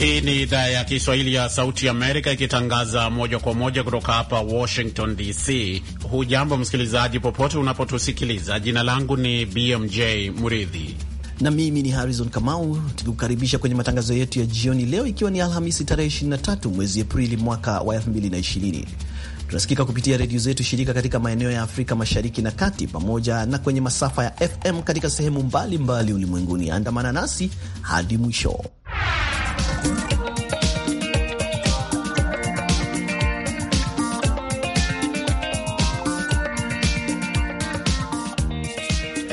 Hii ni idhaa ya Kiswahili ya Sauti Amerika ikitangaza moja kwa moja kutoka hapa Washington DC. Hujambo msikilizaji, popote unapotusikiliza. Jina langu ni BMJ Muridhi na mimi ni Harrison Kamau, tukikukaribisha kwenye matangazo yetu ya jioni leo, ikiwa ni Alhamisi tarehe 23 mwezi Aprili mwaka wa 2020. Tunasikika kupitia redio zetu shirika katika maeneo ya Afrika mashariki na kati, pamoja na kwenye masafa ya FM katika sehemu mbalimbali ulimwenguni. Andamana nasi hadi mwisho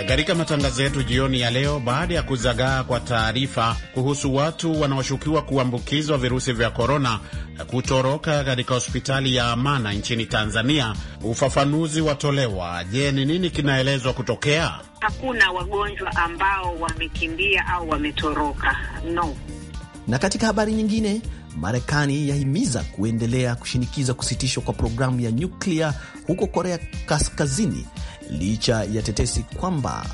katika matangazo yetu jioni ya leo, baada ya kuzagaa kwa taarifa kuhusu watu wanaoshukiwa kuambukizwa virusi vya korona kutoroka katika hospitali ya Amana nchini Tanzania, ufafanuzi watolewa. Je, ni nini kinaelezwa kutokea? Hakuna wagonjwa ambao wamekimbia au wametoroka, no. Na katika habari nyingine, Marekani yahimiza kuendelea kushinikiza kusitishwa kwa programu ya nyuklia huko Korea Kaskazini licha ya tetesi kwamba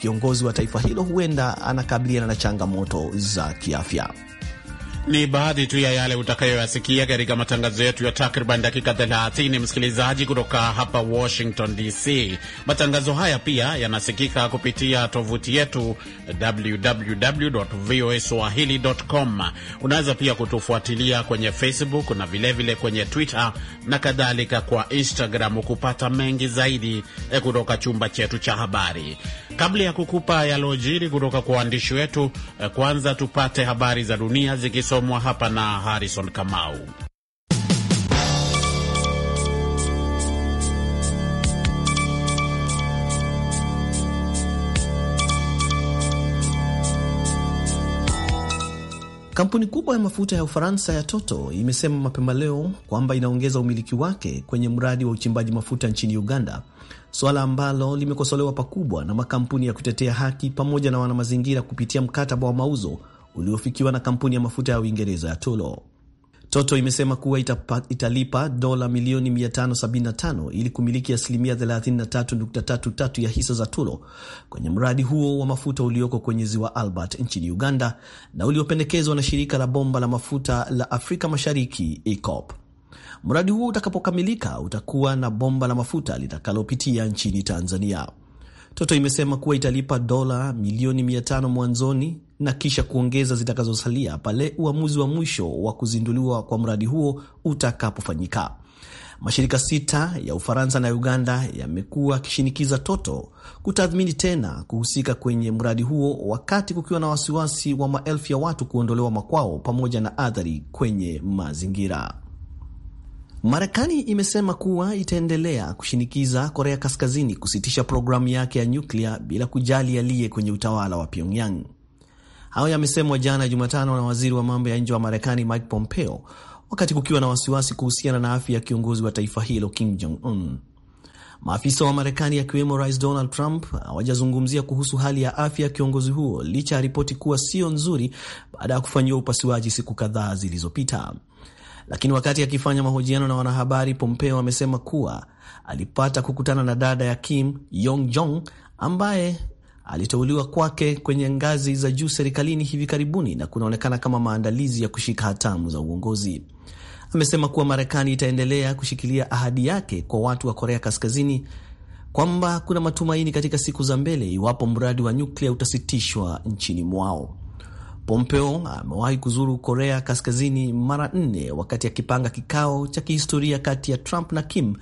kiongozi wa taifa hilo huenda anakabiliana na changamoto za kiafya. Ni baadhi tu ya yale utakayoyasikia katika matangazo yetu ya takriban dakika 30, msikilizaji, kutoka hapa Washington DC. Matangazo haya pia yanasikika kupitia tovuti yetu www.voaswahili.com. Unaweza pia kutufuatilia kwenye Facebook na vilevile vile kwenye Twitter na kadhalika, kwa Instagram kupata mengi zaidi eh, kutoka chumba chetu cha habari. Kabla ya kukupa yalojiri kutoka kwa waandishi wetu, eh, kwanza tupate habari za dunia zikiso yanayosomwa hapa na Harrison Kamau. Kampuni kubwa ya mafuta ya Ufaransa ya Total imesema mapema leo kwamba inaongeza umiliki wake kwenye mradi wa uchimbaji mafuta nchini Uganda, suala ambalo limekosolewa pakubwa na makampuni ya kutetea haki pamoja na wanamazingira kupitia mkataba wa mauzo uliofikiwa na kampuni ya mafuta ya Uingereza ya Tolo. Toto imesema kuwa itapa, italipa dola milioni 575 ili kumiliki asilimia 33.33 ya hisa za tulo kwenye mradi huo wa mafuta ulioko kwenye ziwa Albert nchini Uganda na uliopendekezwa na shirika la bomba la mafuta la Afrika Mashariki EACOP. Mradi huo utakapokamilika utakuwa na bomba la mafuta litakalopitia nchini Tanzania. Toto imesema kuwa italipa dola milioni tano mwanzoni na kisha kuongeza zitakazosalia pale uamuzi wa mwisho wa kuzinduliwa kwa mradi huo utakapofanyika. Mashirika sita ya Ufaransa na Uganda yamekuwa akishinikiza Toto kutathmini tena kuhusika kwenye mradi huo, wakati kukiwa na wasiwasi wa maelfu ya watu kuondolewa makwao pamoja na athari kwenye mazingira. Marekani imesema kuwa itaendelea kushinikiza Korea Kaskazini kusitisha programu yake ya nyuklia bila kujali aliye kwenye utawala wa Pyongyang. Hayo yamesemwa jana Jumatano na waziri wa mambo ya nje wa Marekani Mike Pompeo, wakati kukiwa na wasiwasi kuhusiana na afya ya kiongozi wa taifa hilo Kim Jong Un. Maafisa wa Marekani akiwemo Rais Donald Trump hawajazungumzia kuhusu hali ya afya ya kiongozi huo licha ya ripoti kuwa sio nzuri baada ya kufanyiwa upasuaji siku kadhaa zilizopita. Lakini wakati akifanya mahojiano na wanahabari, Pompeo amesema kuwa alipata kukutana na dada ya Kim Yong Jong ambaye aliteuliwa kwake kwenye ngazi za juu serikalini hivi karibuni na kunaonekana kama maandalizi ya kushika hatamu za uongozi. Amesema kuwa Marekani itaendelea kushikilia ahadi yake kwa watu wa Korea Kaskazini kwamba kuna matumaini katika siku za mbele iwapo mradi wa nyuklia utasitishwa nchini mwao. Pompeo amewahi kuzuru Korea Kaskazini mara nne wakati akipanga kikao cha kihistoria kati ya Trump na Kim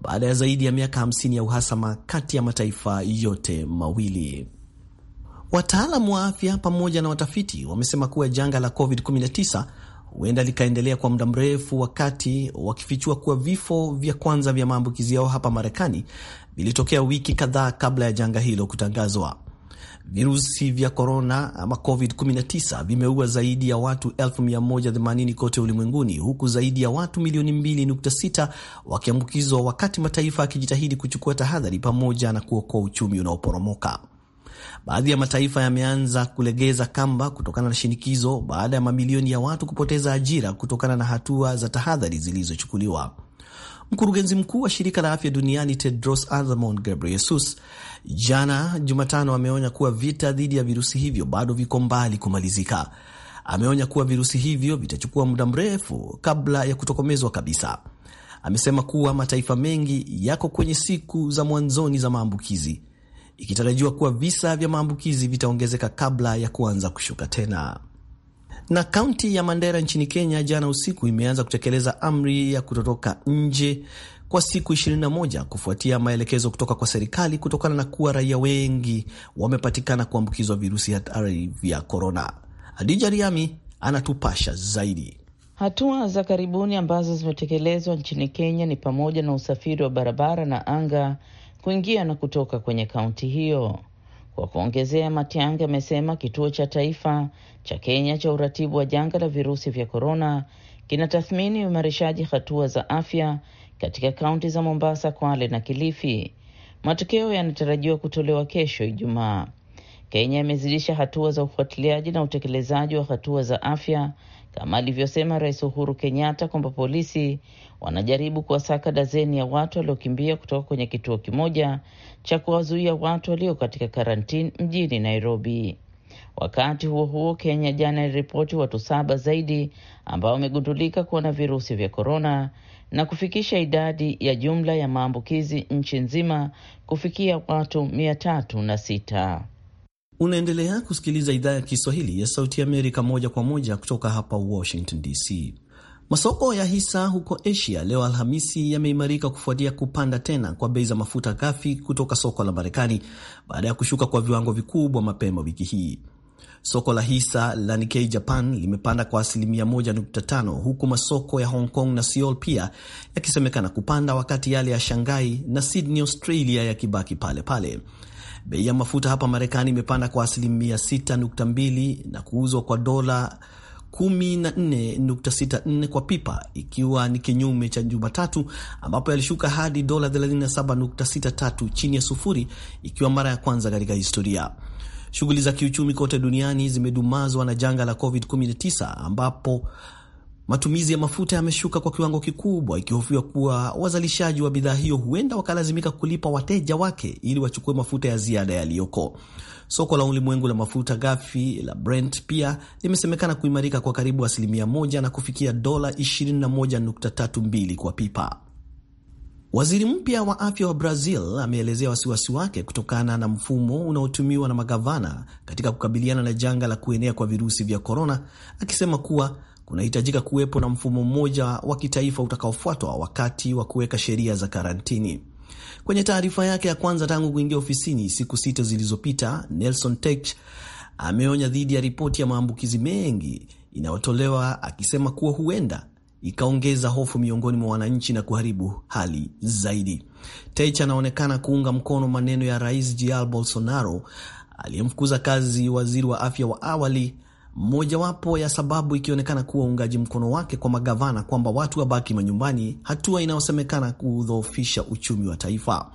baada ya zaidi ya miaka 50 ya uhasama kati ya mataifa yote mawili. Wataalam wa afya pamoja na watafiti wamesema kuwa janga la COVID-19 huenda likaendelea kwa muda mrefu, wakati wakifichua kuwa vifo vya kwanza vya maambukizi yao hapa Marekani vilitokea wiki kadhaa kabla ya janga hilo kutangazwa. Virusi vya korona ama COVID-19 vimeua zaidi ya watu 180 kote ulimwenguni huku zaidi ya watu milioni 2.6 wakiambukizwa, wakati mataifa yakijitahidi kuchukua tahadhari pamoja na kuokoa uchumi unaoporomoka. Baadhi ya mataifa yameanza kulegeza kamba kutokana na shinikizo baada ya mamilioni ya watu kupoteza ajira kutokana na hatua za tahadhari zilizochukuliwa. Mkurugenzi mkuu wa shirika la afya duniani Tedros Adhanom Ghebreyesus jana Jumatano ameonya kuwa vita dhidi ya virusi hivyo bado viko mbali kumalizika. Ameonya kuwa virusi hivyo vitachukua muda mrefu kabla ya kutokomezwa kabisa. Amesema kuwa mataifa mengi yako kwenye siku za mwanzoni za maambukizi, ikitarajiwa kuwa visa vya maambukizi vitaongezeka kabla ya kuanza kushuka tena. Na kaunti ya Mandera nchini Kenya jana usiku imeanza kutekeleza amri ya kutotoka nje kwa siku 21 kufuatia maelekezo kutoka kwa serikali kutokana na kuwa raia wengi wamepatikana kuambukizwa virusi hatari vya korona. Hadija Riami anatupasha zaidi. Hatua za karibuni ambazo zimetekelezwa nchini Kenya ni pamoja na usafiri wa barabara na anga kuingia na kutoka kwenye kaunti hiyo. Kwa kuongezea, Matiang'i amesema kituo cha taifa cha Kenya cha uratibu wa janga la virusi vya korona kinatathmini uimarishaji hatua za afya katika kaunti za Mombasa, Kwale na Kilifi. Matokeo yanatarajiwa kutolewa kesho Ijumaa. Kenya imezidisha hatua za ufuatiliaji na utekelezaji wa hatua za afya kama alivyosema Rais Uhuru Kenyatta kwamba polisi wanajaribu kuwasaka dazeni ya watu waliokimbia kutoka kwenye kituo kimoja cha kuwazuia watu walio katika karantini mjini Nairobi. Wakati huo huo, Kenya jana iliripoti watu saba zaidi ambao wamegundulika kuwa na virusi vya korona na kufikisha idadi ya jumla ya maambukizi nchi nzima kufikia watu mia tatu na sita. Unaendelea kusikiliza idhaa ya Kiswahili ya Sauti Amerika moja kwa moja kutoka hapa Washington DC. Masoko ya hisa huko Asia leo Alhamisi yameimarika kufuatia kupanda tena kwa bei za mafuta ghafi kutoka soko la Marekani baada ya kushuka kwa viwango vikubwa mapema wiki hii. Soko la hisa la Nikkei Japan limepanda kwa asilimia 1.5 huku masoko ya Hong Kong na Seoul pia yakisemekana kupanda, wakati yale ya Shanghai na Sydney, Australia yakibaki pale pale. Bei ya mafuta hapa Marekani imepanda kwa asilimia 6.2 na kuuzwa kwa dola 14.64 kwa pipa ikiwa ni kinyume cha Jumatatu ambapo yalishuka hadi dola 37.63 chini ya sufuri ikiwa mara ya kwanza katika historia. Shughuli za kiuchumi kote duniani zimedumazwa na janga la COVID-19 ambapo Matumizi ya mafuta yameshuka kwa kiwango kikubwa, ikihofiwa kuwa wazalishaji wa bidhaa hiyo huenda wakalazimika kulipa wateja wake ili wachukue mafuta ya ziada yaliyoko. Soko la ulimwengu la mafuta ghafi la Brent pia limesemekana kuimarika kwa karibu asilimia moja na kufikia dola 21.32 kwa pipa. Waziri mpya wa afya wa Brazil ameelezea wasiwasi wake kutokana na mfumo unaotumiwa na magavana katika kukabiliana na janga la kuenea kwa virusi vya korona, akisema kuwa kunahitajika kuwepo na mfumo mmoja wa kitaifa utakaofuatwa wakati wa kuweka sheria za karantini. Kwenye taarifa yake ya kwanza tangu kuingia ofisini siku sita zilizopita, Nelson Tech ameonya dhidi ya ripoti ya maambukizi mengi inayotolewa akisema kuwa huenda ikaongeza hofu miongoni mwa wananchi na kuharibu hali zaidi. Tech anaonekana kuunga mkono maneno ya Rais Jair Bolsonaro aliyemfukuza kazi waziri wa afya wa awali mojawapo ya sababu ikionekana kuwa uungaji mkono wake kwa magavana kwamba watu wabaki manyumbani, hatua inayosemekana kudhoofisha uchumi wa taifa.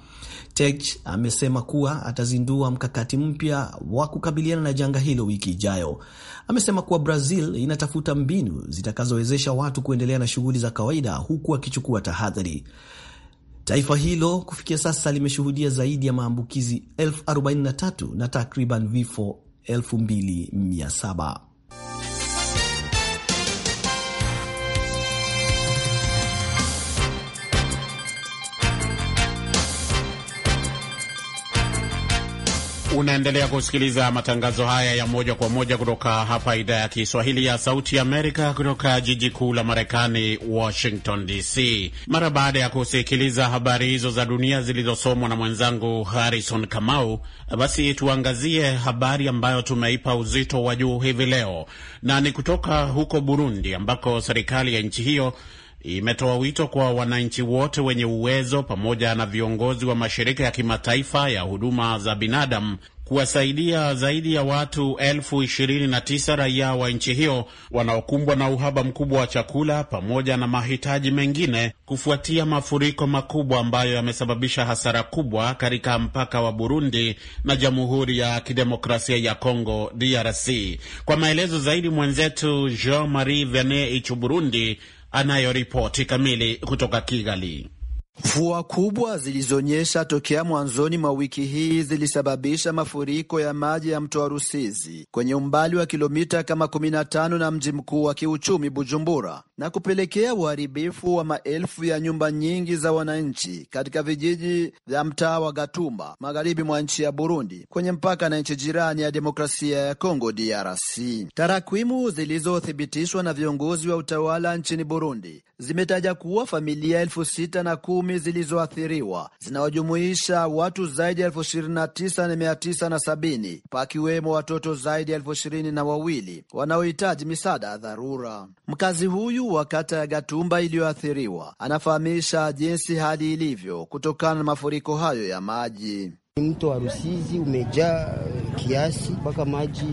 Tech amesema kuwa atazindua mkakati mpya wa kukabiliana na janga hilo wiki ijayo. Amesema kuwa Brazil inatafuta mbinu zitakazowezesha watu kuendelea na shughuli za kawaida huku akichukua tahadhari. Taifa hilo kufikia sasa limeshuhudia zaidi ya maambukizi 43 na takriban vifo 2700. Unaendelea kusikiliza matangazo haya ya moja kwa moja kutoka hapa idhaa ya Kiswahili ya Sauti Amerika, kutoka jiji kuu la Marekani, Washington DC. Mara baada ya kusikiliza habari hizo za dunia zilizosomwa na mwenzangu Harrison Kamau, basi tuangazie habari ambayo tumeipa uzito wa juu hivi leo, na ni kutoka huko Burundi ambako serikali ya nchi hiyo imetoa wito kwa wananchi wote wenye uwezo pamoja na viongozi wa mashirika ya kimataifa ya huduma za binadamu kuwasaidia zaidi ya watu elfu ishirini na tisa raia wa nchi hiyo wanaokumbwa na uhaba mkubwa wa chakula pamoja na mahitaji mengine kufuatia mafuriko makubwa ambayo yamesababisha hasara kubwa katika mpaka wa Burundi na Jamhuri ya Kidemokrasia ya Kongo DRC. Kwa maelezo zaidi, mwenzetu Jean Marie Vene Ichu Burundi anayoripoti kamili kutoka Kigali. Mvua kubwa zilizonyesha tokea mwanzoni mwa wiki hii zilisababisha mafuriko ya maji ya mto wa Rusizi kwenye umbali wa kilomita kama 15 na mji mkuu wa kiuchumi Bujumbura, na kupelekea uharibifu wa maelfu ya nyumba nyingi za wananchi katika vijiji vya mtaa wa Gatumba, magharibi mwa nchi ya Burundi, kwenye mpaka na nchi jirani ya demokrasia ya Kongo, DRC. Tarakwimu zilizothibitishwa na viongozi wa utawala nchini Burundi zimetaja kuwa familia elfu sita na kumi zilizoathiriwa zinawajumuisha watu zaidi ya elfu ishirini na tisa na mia tisa na sabini pakiwemo watoto zaidi ya elfu ishirini na wawili wanaohitaji misaada ya dharura. Mkazi huyu wa kata ya Gatumba iliyoathiriwa anafahamisha jinsi hali ilivyo kutokana na mafuriko hayo ya maji. Mto wa Rusizi umejaa eh, kiasi mpaka maji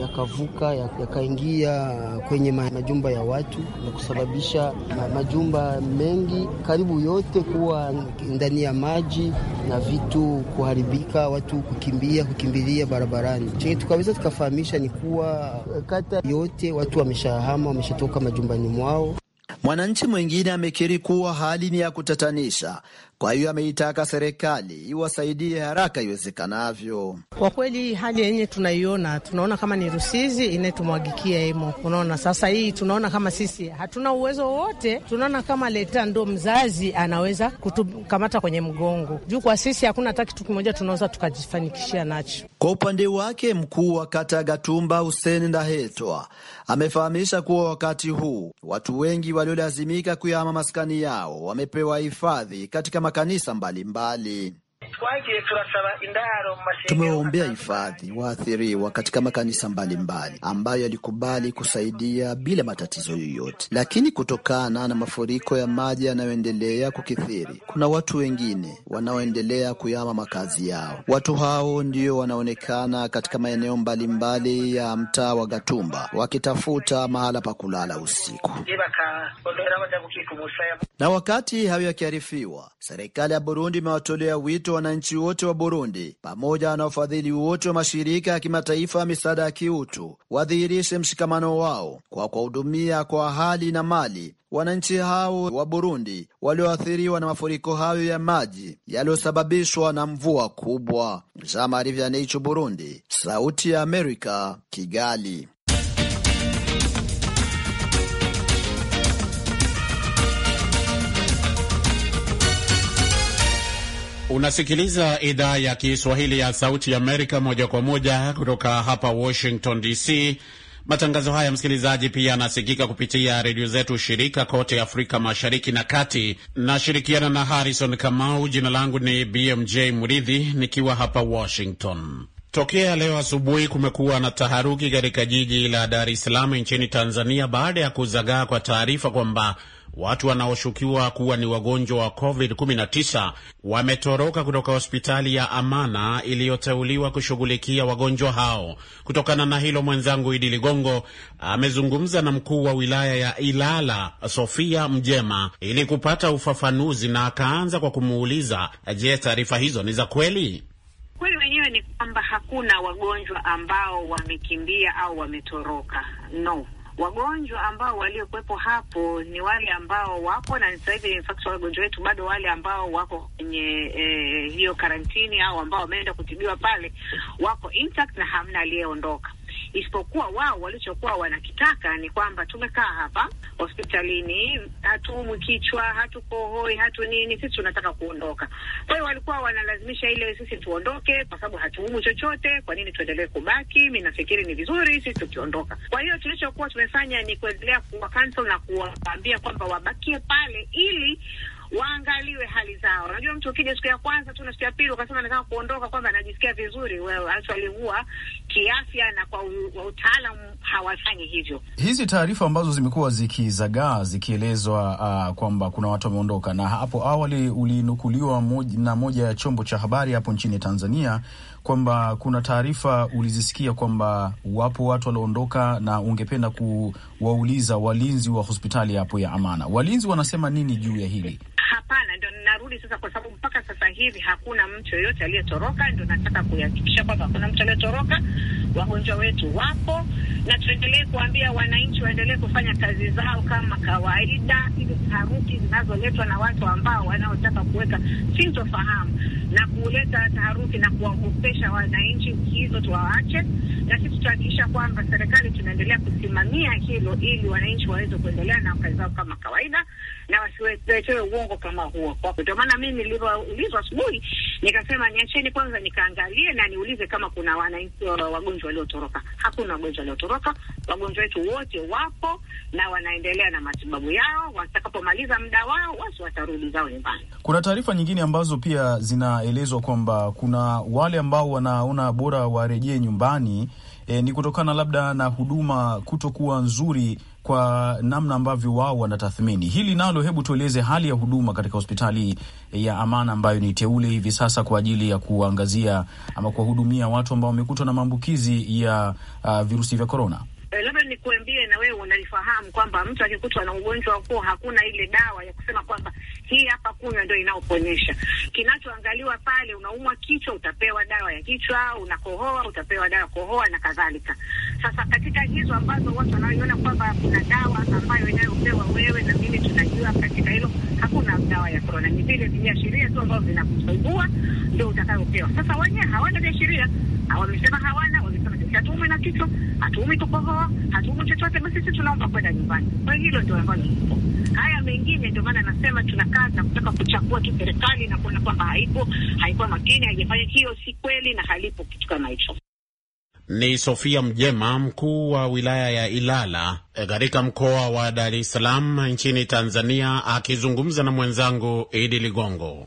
yakavuka ya yakaingia ya kwenye majumba ya watu na kusababisha majumba mengi karibu yote kuwa ndani ya maji na vitu kuharibika, watu kukimbia kukimbilia barabarani. Chenye tukaweza tukafahamisha ni kuwa eh, kata yote watu wameshahama, wameshatoka majumbani mwao. Mwananchi mwingine amekiri kuwa hali ni ya kutatanisha kwa hiyo ameitaka serikali iwasaidie haraka iwezekanavyo. Kwa kweli hali yenye tunaiona, tunaona kama ni rusizi inayetumwagikia imo. Unaona sasa hii, tunaona kama sisi hatuna uwezo wote, tunaona kama leta ndo mzazi anaweza kutukamata kwenye mgongo juu, kwa sisi hakuna hata kitu kimoja tunaweza tukajifanikishia nacho. Kwa upande wake, mkuu wa kata Gatumba Hussein Ndahetwa amefahamisha kuwa wakati huu watu wengi waliolazimika kuyahama maskani yao wamepewa hifadhi katika makanisa mbalimbali mbali. Tumewaombea hifadhi waathiriwa katika makanisa mbalimbali ambayo yalikubali kusaidia bila matatizo yoyote, lakini kutokana na mafuriko ya maji yanayoendelea kukithiri, kuna watu wengine wanaoendelea kuyama makazi yao. Watu hao ndio wanaonekana katika maeneo mbalimbali ya mtaa wa Gatumba wakitafuta mahala pa kulala usiku. Na wakati hayo yakiarifiwa, serikali ya Burundi imewatolea wito wananchi wote wa Burundi pamoja na wafadhili wote wa mashirika ya kimataifa ya misaada ya kiutu wadhihirishe mshikamano wao kwa kuwahudumia kwa hali na mali wananchi hao wa Burundi walioathiriwa na mafuriko hayo ya maji yaliyosababishwa na mvua kubwa. Burundi, Sauti ya Amerika, Kigali. Unasikiliza idhaa ya Kiswahili ya Sauti ya Amerika moja kwa moja kutoka hapa Washington DC. Matangazo haya msikilizaji, pia yanasikika kupitia redio zetu shirika kote Afrika Mashariki na Kati. Nashirikiana na Harrison Kamau. Jina langu ni BMJ Muridhi, nikiwa hapa Washington. Tokea leo asubuhi kumekuwa na taharuki katika jiji la Dar es Salaam nchini Tanzania baada ya kuzagaa kwa taarifa kwamba Watu wanaoshukiwa kuwa ni wagonjwa wa COVID-19 wametoroka kutoka hospitali ya Amana iliyoteuliwa kushughulikia wagonjwa hao. Kutokana na hilo, mwenzangu Idi Ligongo amezungumza na mkuu wa wilaya ya Ilala Sofia Mjema ili kupata ufafanuzi, na akaanza kwa kumuuliza, je, taarifa hizo ni za kweli? Kweli wenyewe ni kwamba hakuna wagonjwa ambao wamekimbia au wametoroka, no Wagonjwa ambao waliokuwepo hapo ni wale ambao wapo na sasa hivi, in fact wagonjwa wetu bado wale ambao wako kwenye eh, hiyo karantini au ambao wameenda kutibiwa pale wako intact na hamna aliyeondoka isipokuwa wao walichokuwa wanakitaka ni kwamba tumekaa hapa hospitalini, hatuumwi kichwa, hatukohoi, hatu nini, sisi tunataka kuondoka. Kwa hiyo walikuwa wanalazimisha ile sisi tuondoke, kwa sababu hatuumwi chochote. Kwa nini tuendelee kubaki? Mi nafikiri ni vizuri sisi tukiondoka. Kwa hiyo tulichokuwa tumefanya ni kuendelea kuwa na kuwaambia kwamba wabakie pale ili waangaliwe hali zao. Unajua, mtu ukija siku ya kwanza tu na siku ya pili ukasema nataka kuondoka, kwamba anajisikia vizuri, actually huwa kiafya na kwa utaalam hawafanyi hivyo. Hizi taarifa ambazo zimekuwa zikizagaa zikielezwa uh, kwamba kuna watu wameondoka, na hapo awali ulinukuliwa moj, na moja ya chombo cha habari hapo nchini Tanzania kwamba kuna taarifa ulizisikia kwamba wapo watu walioondoka, na ungependa kuwauliza walinzi wa hospitali hapo ya Amana, walinzi wanasema nini juu ya hili? Hapana, ndo ninarudi sasa, kwa sababu mpaka sasa hivi hakuna mtu yoyote aliyetoroka. Ndo nataka kuhakikisha kwamba hakuna mtu aliyetoroka, wagonjwa wetu wapo, na tuendelee kuambia wananchi waendelee kufanya kazi zao kama kawaida, ili taharuki zinazoletwa na watu ambao wanaotaka kuweka sintofahamu na kuleta taharuki na kuwaogopesha wananchi, hizo tuwaache, na sisi tutahakikisha kwamba serikali tunaendelea kusimamia hilo, ili wananchi waweze kuendelea na kazi zao kama kawaida na wasiwetewe uongo mpango kama huo. Ndio maana mimi nilivyoulizwa asubuhi nikasema niacheni kwanza nikaangalie na niulize kama kuna wananchi wagonjwa waliotoroka. Hakuna wagonjwa waliotoroka, wagonjwa wetu wote wapo na wanaendelea na matibabu yao. Watakapomaliza muda wao, wasi watarudi zao nyumbani. Kuna taarifa nyingine ambazo pia zinaelezwa kwamba kuna wale ambao wanaona bora warejee nyumbani, e, ni kutokana labda na huduma kutokuwa nzuri kwa namna ambavyo wao wanatathmini hili nalo. Hebu tueleze hali ya huduma katika hospitali ya Amana ambayo ni teule hivi sasa kwa ajili ya kuangazia ama kuwahudumia watu ambao wamekutwa na maambukizi ya uh, virusi vya korona. Eh, labda nikuambie na wewe unalifahamu kwamba mtu akikutwa na ugonjwa huo hakuna ile dawa ya kuonyesha. Kinachoangaliwa pale, unaumwa kichwa, utapewa dawa ya kichwa, unakohoa, utapewa dawa kohoa na kadhalika. Sasa katika hizo ambazo watu wanaoiona kwamba kuna dawa ambayo inayopewa wewe na mimi, tunajua katika hilo hakuna dawa ya korona, ni vile viashiria tu ambavyo vinakusumbua ndio utakayopewa. Sasa wenyewe hawana viashiria, wamesema hawana sisi hatuumwi na kichwa hatuumwi kukohoa, hatuumwi chochote, basi sisi tunaomba kwenda nyumbani. Kwa hilo ndio ambayo lipo. Haya mengine ndio maana nasema tunakaa na kutaka kuchagua tu serikali na kuona kwamba haipo, haikuwa makini, haijafanya. Hiyo si kweli na halipo kitu kama hicho. Ni Sofia Mjema, mkuu wa wilaya ya Ilala katika mkoa wa Dar es Salaam nchini Tanzania, akizungumza na mwenzangu Idi Ligongo.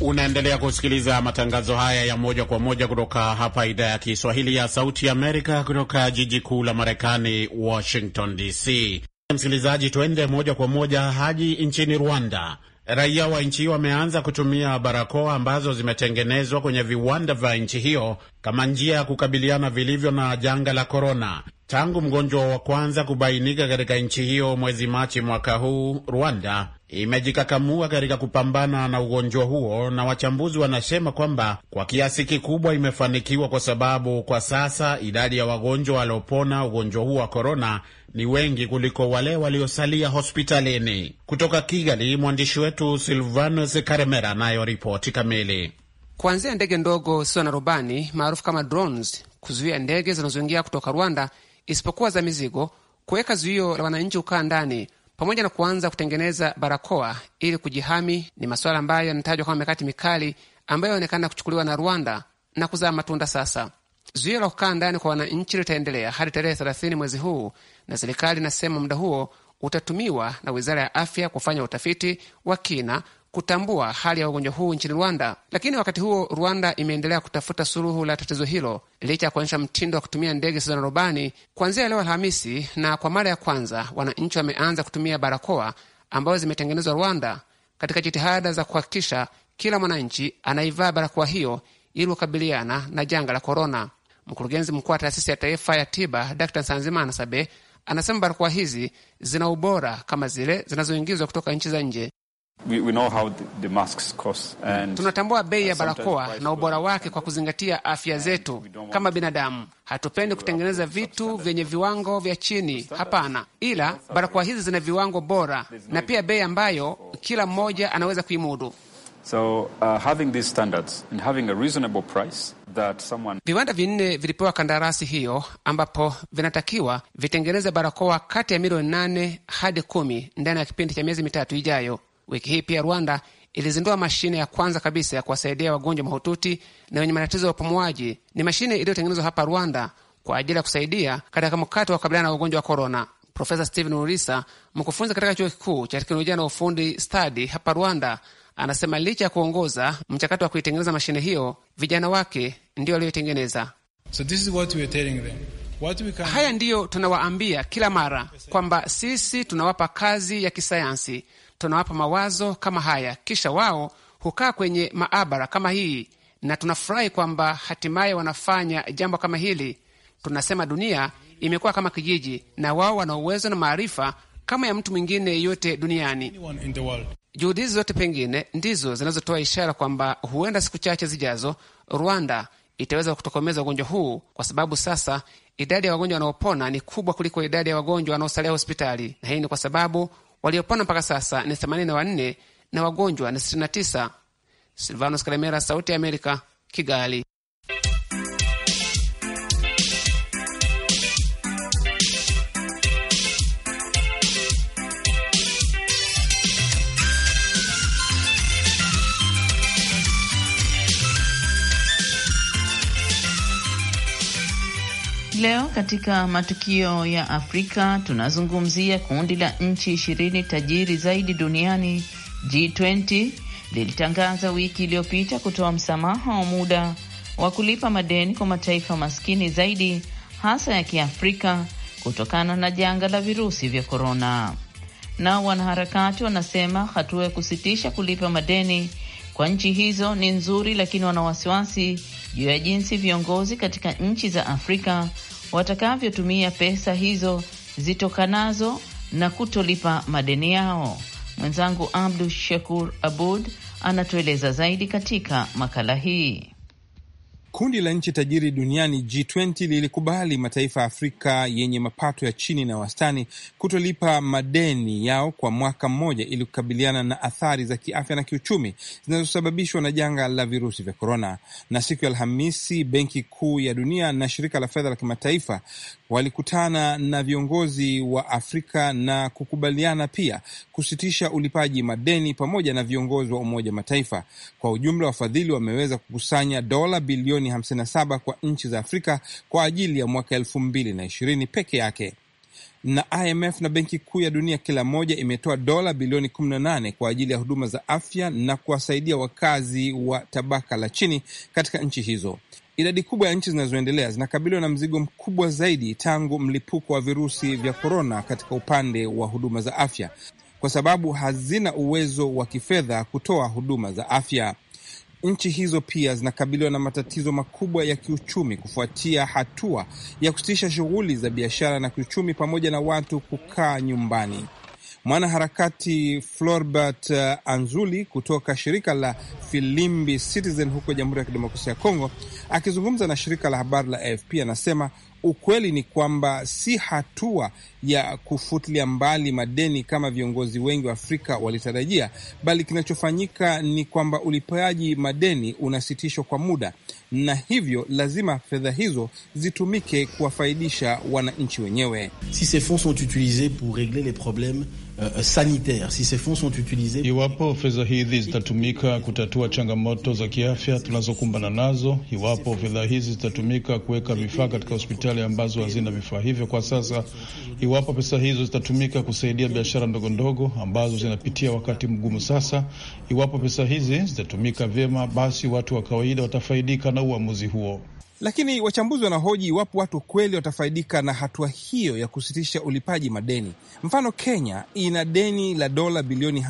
Unaendelea kusikiliza matangazo haya ya moja kwa moja kutoka hapa idhaa ya Kiswahili ya Sauti Amerika, kutoka jiji kuu la Marekani, Washington DC. Msikilizaji, tuende moja kwa moja hadi nchini Rwanda raia wa nchi hiyo wameanza kutumia barakoa ambazo zimetengenezwa kwenye viwanda vya nchi hiyo kama njia ya kukabiliana vilivyo na janga la korona. Tangu mgonjwa wa kwanza kubainika katika nchi hiyo mwezi Machi mwaka huu, Rwanda imejikakamua katika kupambana na ugonjwa huo, na wachambuzi wanasema kwamba kwa kiasi kikubwa imefanikiwa, kwa sababu kwa sasa idadi ya wagonjwa waliopona ugonjwa huo wa korona ni wengi kuliko wale waliosalia hospitalini. Kutoka Kigali, mwandishi wetu Silvanus Karemera anayo ripoti kamili. Kuanzia ndege ndogo sio na rubani maarufu kama drones, kuzuia ndege zinazoingia kutoka Rwanda isipokuwa za mizigo, kuweka zuio la wananchi kukaa ndani pamoja na kuanza kutengeneza barakoa ili kujihami ni masuala ambayo yanatajwa kama mikakati mikali ambayo yaonekana kuchukuliwa na Rwanda na kuzaa matunda sasa. Zuio la kukaa ndani kwa wananchi litaendelea hadi tarehe thelathini mwezi huu, na serikali inasema muda huo utatumiwa na wizara ya afya kufanya utafiti wa kina kutambua hali ya ugonjwa huu nchini Rwanda. Lakini wakati huo, Rwanda imeendelea kutafuta suluhu la tatizo hilo licha ya kuonyesha mtindo wa kutumia ndege zisizo na rubani kuanzia leo Alhamisi, na kwa mara ya kwanza wananchi wameanza kutumia barakoa ambazo zimetengenezwa Rwanda katika jitihada za kuhakikisha kila mwananchi anaivaa barakoa hiyo ili kukabiliana na janga la korona. Mkurugenzi mkuu wa taasisi ya taifa ya tiba Dr Sanzimana Sabe anasema barakoa hizi zina ubora kama zile zinazoingizwa kutoka nchi za nje. We, we know how the masks cost and tunatambua bei ya barakoa na ubora wake kwa kuzingatia afya zetu kama binadamu. Hatupendi kutengeneza vitu vyenye viwango vya chini, hapana, ila barakoa hizi zina viwango bora na pia bei ambayo kila mmoja anaweza kuimudu. So, uh, having these standards and having a reasonable price that someone... Viwanda vinne vilipewa kandarasi hiyo ambapo vinatakiwa vitengeneze barakoa kati ya milioni nane hadi kumi ndani ya kipindi cha miezi mitatu ijayo. Wiki hii pia Rwanda ilizindua mashine ya kwanza kabisa ya kuwasaidia wagonjwa mahututi na wenye matatizo ya upumuaji. Ni mashine iliyotengenezwa hapa Rwanda kwa ajili ya kusaidia katika mkato wa kukabiliana na ugonjwa wa korona. Profesa Steven Urisa, mkufunzi katika chuo kikuu cha teknolojia na ufundi stadi hapa Rwanda, Anasema licha ya kuongoza mchakato wa kuitengeneza mashine hiyo, vijana wake ndio walioitengeneza. So this is what we are telling them. What we can... haya ndiyo tunawaambia kila mara kwamba sisi tunawapa kazi ya kisayansi, tunawapa mawazo kama haya, kisha wao hukaa kwenye maabara kama hii, na tunafurahi kwamba hatimaye wanafanya jambo kama hili. Tunasema dunia imekuwa kama kijiji, na wao wana uwezo na maarifa kama ya mtu mwingine yeyote duniani. Juhudi hizi zote pengine ndizo zinazotoa ishara kwamba huenda siku chache zijazo Rwanda itaweza kutokomeza ugonjwa huu, kwa sababu sasa idadi ya wagonjwa wanaopona ni kubwa kuliko idadi ya wagonjwa wanaosalia hospitali, na hii ni kwa sababu waliopona mpaka sasa ni 84 na wagonjwa ni 69. Silvanos Kalemera, Sauti ya Amerika, Kigali. leo katika matukio ya Afrika tunazungumzia kundi la nchi ishirini tajiri zaidi duniani G20 lilitangaza wiki iliyopita kutoa msamaha wa muda wa kulipa madeni kwa mataifa maskini zaidi hasa ya Kiafrika kutokana na janga la virusi vya korona. Nao wanaharakati wanasema hatua ya kusitisha kulipa madeni kwa nchi hizo ni nzuri, lakini wana wasiwasi juu ya jinsi viongozi katika nchi za Afrika watakavyotumia pesa hizo zitokanazo na kutolipa madeni yao. Mwenzangu Abdu Shakur Abud anatueleza zaidi katika makala hii. Kundi la nchi tajiri duniani G20 lilikubali mataifa ya Afrika yenye mapato ya chini na wastani kutolipa madeni yao kwa mwaka mmoja ili kukabiliana na athari za kiafya na kiuchumi zinazosababishwa na janga la virusi vya korona. Na siku ya Alhamisi, Benki Kuu ya Dunia na Shirika la Fedha la Kimataifa walikutana na viongozi wa Afrika na kukubaliana pia kusitisha ulipaji madeni pamoja na viongozi wa Umoja Mataifa. Kwa ujumla, wafadhili wameweza kukusanya dola bilioni bilioni 57 kwa nchi za Afrika kwa ajili ya mwaka 2020 peke yake na IMF na Benki Kuu ya Dunia kila moja imetoa dola bilioni 18 kwa ajili ya huduma za afya na kuwasaidia wakazi wa tabaka la chini katika nchi hizo. Idadi kubwa ya nchi zinazoendelea zinakabiliwa na mzigo mkubwa zaidi tangu mlipuko wa virusi vya korona katika upande wa huduma za afya, kwa sababu hazina uwezo wa kifedha kutoa huduma za afya. Nchi hizo pia zinakabiliwa na matatizo makubwa ya kiuchumi kufuatia hatua ya kusitisha shughuli za biashara na kiuchumi pamoja na watu kukaa nyumbani. Mwanaharakati Florbert eh, Anzuli kutoka shirika la Filimbi Citizen huko Jamhuri ya Kidemokrasia ya Kongo, akizungumza na shirika la habari la AFP, anasema ukweli ni kwamba si hatua ya kufutilia mbali madeni kama viongozi wengi wa Afrika walitarajia, bali kinachofanyika ni kwamba ulipaji madeni unasitishwa kwa muda, na hivyo lazima fedha hizo zitumike kuwafaidisha wananchi wenyewe. si ces fonds sont utilises pour regler les problemes Euh, euh, sanitaire si ces fonds sont Iwapo fedha hizi zitatumika kutatua changamoto za kiafya tunazokumbana nazo, iwapo fedha hizi zitatumika kuweka vifaa katika hospitali ambazo hazina vifaa hivyo kwa sasa, iwapo pesa hizo zitatumika kusaidia biashara ndogondogo ambazo zinapitia wakati mgumu sasa, iwapo pesa hizi zitatumika vyema, basi watu wa kawaida watafaidika na uamuzi huo. Lakini wachambuzi wanahoji iwapo watu kweli watafaidika na hatua hiyo ya kusitisha ulipaji madeni. Mfano, Kenya ina deni la dola bilioni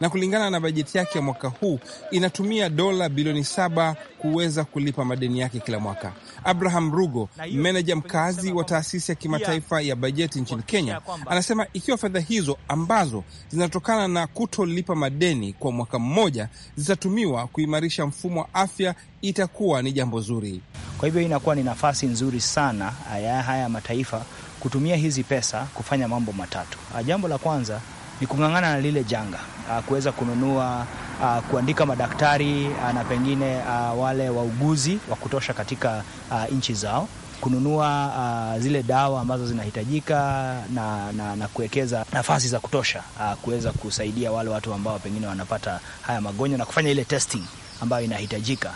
na kulingana na bajeti yake ya mwaka huu inatumia dola bilioni saba kuweza kulipa madeni yake kila mwaka. Abraham Rugo, meneja mkazi wa taasisi ya kimataifa ya bajeti nchini Kenya, anasema ikiwa fedha hizo ambazo zinatokana na kutolipa madeni kwa mwaka mmoja zitatumiwa kuimarisha mfumo wa afya itakuwa ni jambo zuri. Kwa hivyo inakuwa ni nafasi nzuri sana eh, ya haya mataifa kutumia hizi pesa kufanya mambo matatu. Ah, jambo la kwanza ni kung'ang'ana na lile janga, ah, kuweza kununua, ah, kuandika madaktari ah, na pengine wale wauguzi wa kutosha katika nchi zao, kununua zile dawa ambazo zinahitajika na, na, na kuwekeza nafasi za kutosha kuweza kusaidia wale watu ambao pengine wanapata haya magonjwa na kufanya ile testing ambayo inahitajika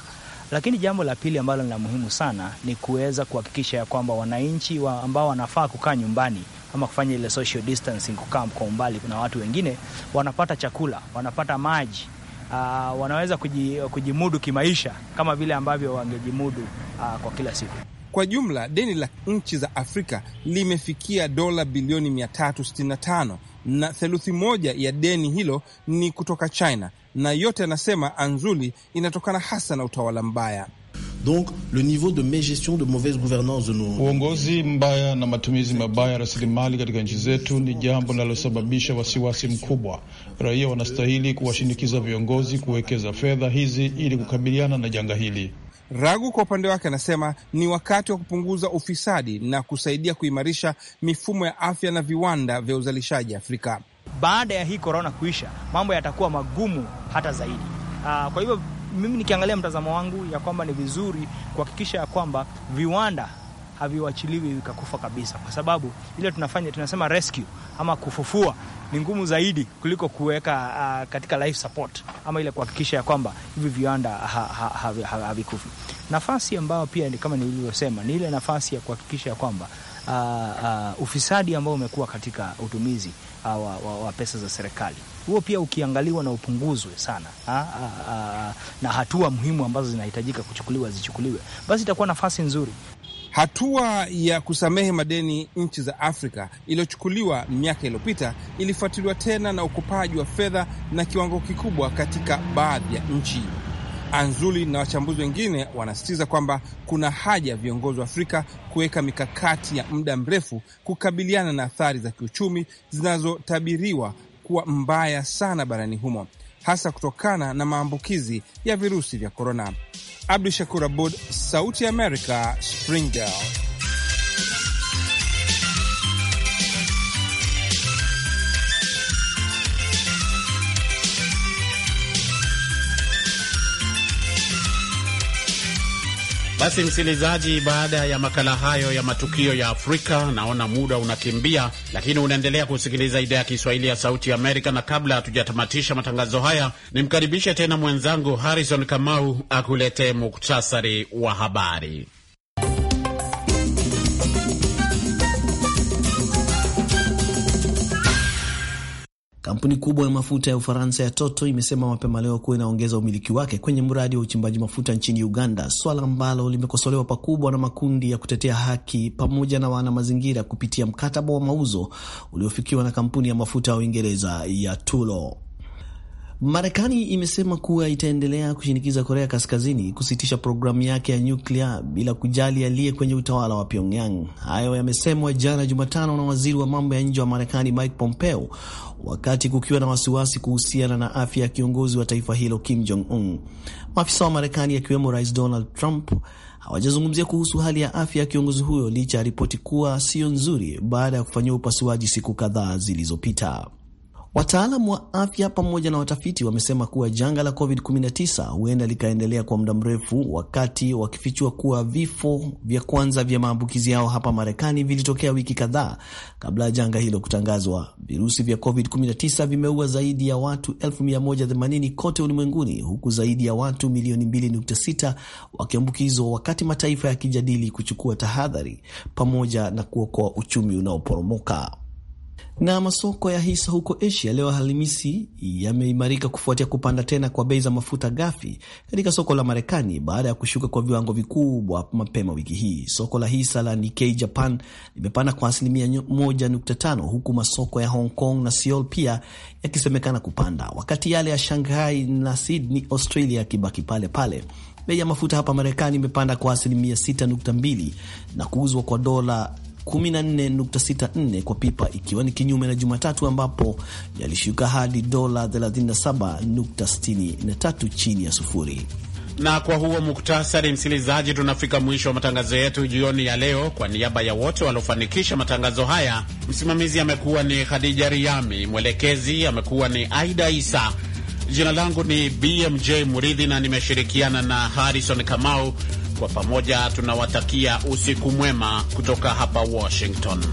lakini jambo la pili ambalo ni la muhimu sana ni kuweza kuhakikisha ya kwamba wananchi wa ambao wanafaa kukaa nyumbani ama kufanya ile social distancing, kukaa kwa umbali na watu wengine, wanapata chakula, wanapata maji uh, wanaweza kujimudu kimaisha kama vile ambavyo wangejimudu uh, kwa kila siku. Kwa jumla deni la nchi za Afrika limefikia dola bilioni 365 na theluthi moja ya deni hilo ni kutoka China, na yote anasema Anzuli inatokana hasa na utawala mbaya. Donc, le niveau de gestion de mauvaise gouvernance de nos... Uongozi mbaya na matumizi mabaya ya rasilimali katika nchi zetu ni jambo linalosababisha wasiwasi mkubwa. Raia wanastahili kuwashinikiza viongozi kuwekeza fedha hizi ili kukabiliana na janga hili. Ragu kwa upande wake anasema ni wakati wa kupunguza ufisadi na kusaidia kuimarisha mifumo ya afya na viwanda vya uzalishaji Afrika. Baada ya hii korona kuisha, mambo yatakuwa magumu hata zaidi. Uh, kwa hivyo mimi nikiangalia mtazamo wangu ya kwamba ni vizuri kuhakikisha ya kwamba viwanda haviwachiliwi vikakufa kabisa, kwa sababu ile tunafanya tunasema rescue ama kufufua ni ngumu zaidi kuliko kuweka uh, katika life support ama ile kuhakikisha ya kwamba hivi viwanda havikufi ha, ha, ha, ha, nafasi ambayo pia kama nilivyosema ni ile nafasi ya kuhakikisha ya kwamba uh, uh, ufisadi ambao umekuwa katika utumizi wa, wa, wa pesa za serikali. Huo pia ukiangaliwa na upunguzwe sana ha, ha, ha, na hatua muhimu ambazo zinahitajika kuchukuliwa zichukuliwe, basi itakuwa nafasi nzuri. Hatua ya kusamehe madeni nchi za Afrika iliyochukuliwa miaka iliyopita ilifuatiliwa tena na ukopaji wa fedha na kiwango kikubwa katika baadhi ya nchi. Anzuli na wachambuzi wengine wanasisitiza kwamba kuna haja ya viongozi wa Afrika kuweka mikakati ya muda mrefu kukabiliana na athari za kiuchumi zinazotabiriwa kuwa mbaya sana barani humo, hasa kutokana na maambukizi ya virusi vya korona. Abdu Shakur Abud, Sauti ya Amerika, Springdale. Basi msikilizaji, baada ya makala hayo ya matukio ya Afrika, naona muda unakimbia, lakini unaendelea kusikiliza idhaa ya Kiswahili ya Sauti ya Amerika, na kabla hatujatamatisha matangazo haya, nimkaribishe tena mwenzangu Harrison Kamau akuletee muktasari wa habari. Kampuni kubwa ya mafuta ya Ufaransa ya Toto imesema mapema leo kuwa inaongeza umiliki wake kwenye mradi wa uchimbaji mafuta nchini Uganda, swala ambalo limekosolewa pakubwa na makundi ya kutetea haki pamoja na wana mazingira kupitia mkataba wa mauzo uliofikiwa na kampuni ya mafuta ya Uingereza ya Tullow. Marekani imesema kuwa itaendelea kushinikiza Korea Kaskazini kusitisha programu yake ya nyuklia bila kujali aliye kwenye utawala wa Pyongyang. Hayo yamesemwa jana Jumatano na waziri wa mambo ya nje wa Marekani Mike Pompeo, wakati kukiwa na wasiwasi kuhusiana na afya ya kiongozi wa taifa hilo Kim Jong Un. Maafisa wa Marekani akiwemo Rais Donald Trump hawajazungumzia kuhusu hali ya afya ya kiongozi huyo licha ya ripoti kuwa siyo nzuri baada ya kufanyiwa upasuaji siku kadhaa zilizopita. Wataalam wa afya pamoja na watafiti wamesema kuwa janga la COVID-19 huenda likaendelea kwa muda mrefu, wakati wakifichua kuwa vifo vya kwanza vya maambukizi yao hapa Marekani vilitokea wiki kadhaa kabla ya janga hilo kutangazwa. Virusi vya COVID-19 vimeua zaidi ya watu 180 kote ulimwenguni, huku zaidi ya watu milioni 2.6 wakiambukizwa, wakati mataifa yakijadili kuchukua tahadhari pamoja na kuokoa uchumi unaoporomoka. Na masoko ya hisa huko Asia leo Alhamisi yameimarika kufuatia kupanda tena kwa bei za mafuta ghafi katika soko la Marekani baada ya kushuka kwa viwango vikubwa mapema wiki hii. Soko la hisa la Nikkei Japan limepanda kwa asilimia 1.5 huku masoko ya Hong Kong na Seoul pia yakisemekana kupanda, wakati yale ya Shanghai na Sydney Australia yakibaki pale pale. Bei ya mafuta hapa Marekani imepanda kwa asilimia 6.2 na kuuzwa kwa dola 14.64 kwa pipa, ikiwa ni kinyume na Jumatatu ambapo yalishuka hadi dola 37.63 chini ya sufuri. Na kwa huo muktasari, msikilizaji, tunafika mwisho wa matangazo yetu jioni ya leo. Kwa niaba ya wote waliofanikisha matangazo haya, msimamizi amekuwa ni Khadija Riyami, mwelekezi amekuwa ni Aida Isa. Jina langu ni BMJ Muridhi na nimeshirikiana na Harrison Kamau. Kwa pamoja tunawatakia usiku mwema kutoka hapa Washington.